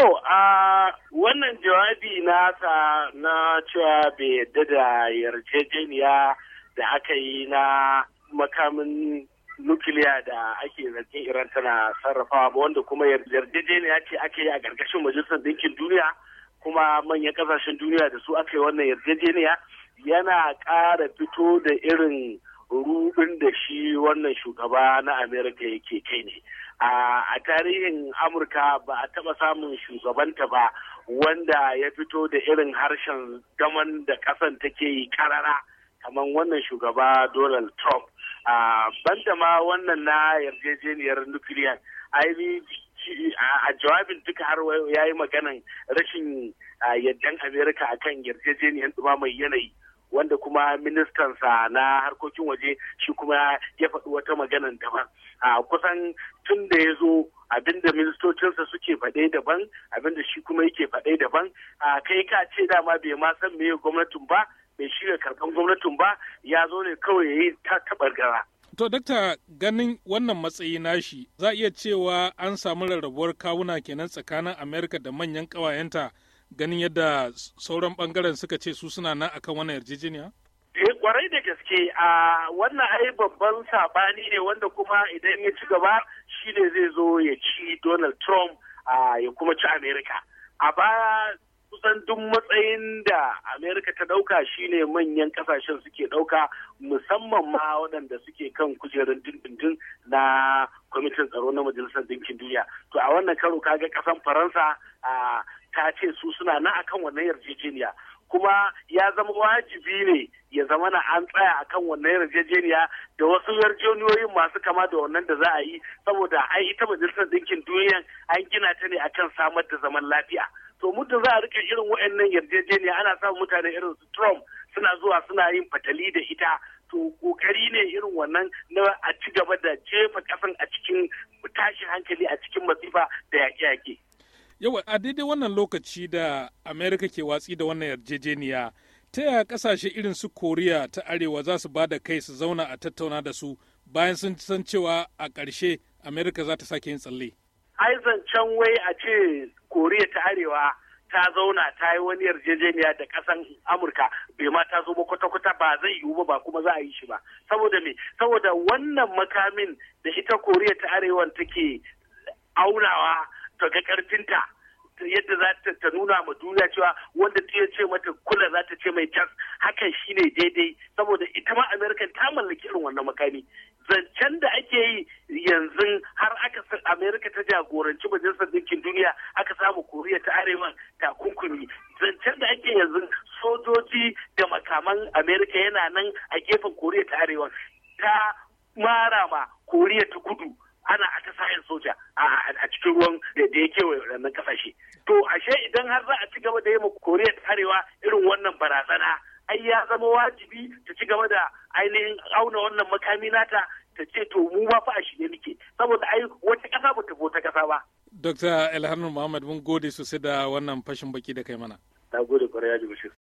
To, a wannan jawabi ta na cewa bai yadda da yarjejeniya da aka yi na makamin nukiliya da ake zargin Iran tana sarrafawa ba wanda kuma yarjejeniya ce ake yi a gargashin majalisar ɗinkin duniya kuma manyan kasashen duniya da su aka yi wannan yarjejeniya yana ƙara fito da irin rudin da shi wannan shugaba na amerika yake kai ne a tarihin amurka ba a taɓa samun shugabanta ba wanda ya fito da irin harshen gaman da kasan take yi karara kamar wannan shugaba donald trump banda ma wannan na yarjejeniyar nukiliyar. a jawabin duka har ya yi maganan rashin yaddan amerika a akan yarjejeniyar mai yanayi wanda kuma ministansa na harkokin waje shi kuma ya faɗi wata maganan daban a kusan tun da ya zo abinda ministocinsa suke faɗe daban abinda shi kuma yake faɗe daban a kai ka ce dama bai ma san meye gwamnatin ba bai shirya karɓan gwamnatin ba ya zo ne kawai ya yi ta taɓargara To, dakta ganin wannan matsayi nashi, za iya cewa an samu rarrabuwar kawuna kenan tsakanin Amerika da manyan ƙawayenta ganin yadda sauran bangaren suka ce su suna nan akan wannan yarjejeniya? Eh kwarai da gaske a wannan ai babban sabani ne wanda kuma idan ya ci gaba shi ne zai zo ya ci Donald Trump ya kuma ci Amerika. A baya kusan duk matsayin da Amerika ta dauka shine manyan kasashen suke dauka musamman ma waɗanda suke kan kujerun dindindin na kwamitin tsaro na majalisar dinkin duniya to a wannan karo kaga kasan faransa ta ce su suna na akan wannan yarjejeniya kuma ya zama wajibi ne ya zama na an tsaya akan wannan yarjejeniya da wasu yarjejeniyoyin masu kama da wannan da za a yi saboda ai ita majalisar ɗinkin duniya an gina ta ne akan samar da zaman lafiya to muddin za a rike irin waɗannan yarjejeniya ana samun mutane irin su Trump suna zuwa suna yin fatali da ita to kokari ne irin wannan na a ci gaba da jefa kasan a cikin tashin hankali a cikin masifa da yaƙe-yaƙe. yau a daidai wannan lokaci da Amerika ke watsi da wannan yarjejeniya, ta yaya kasashe irin su Koriya ta Arewa za su ba da kai su zauna a tattauna da su bayan sun san cewa a ƙarshe Amerika za ta sake yin tsalle. Ai zancen wai a ce Koriya ta Arewa ta zauna ta yi wani yarjejeniya da ƙasan Amurka bai ma ta zo ba kwata-kwata ba zai yiwu ba kuma za a yi shi ba. Saboda me? Saboda wannan makamin da ita Koriya ta Arewa take aunawa ta ga karfinta yadda za ta nuna ma duniya cewa wanda ta ce mata kula za ta ce mai cas hakan shine daidai saboda ita ma amerika ta mallaki irin wannan makami zancen da ake yi yanzu har aka amerika ta jagoranci majalisar dinkin duniya aka samu koriya ta arewa takunkumi zancen da ake yanzu sojoji da makaman amerika yana nan a gefen koriya ta arewa ta mara ma koriya ta kudu ana a sayan soja a ruwan da ya wannan kasashe to ashe idan har za a ci gaba da yi ma koriya ta arewa irin wannan barazana ai ya zama wajibi ta ci gaba da ainihin auna wannan makami nata ta ce to mu ba fa a shirye muke saboda ai wata kasa ba ta bota kasa ba. Dr. Elhanu Muhammad mun gode sosai da wannan fashin baki da kai mana. Na gode kwarai ya ji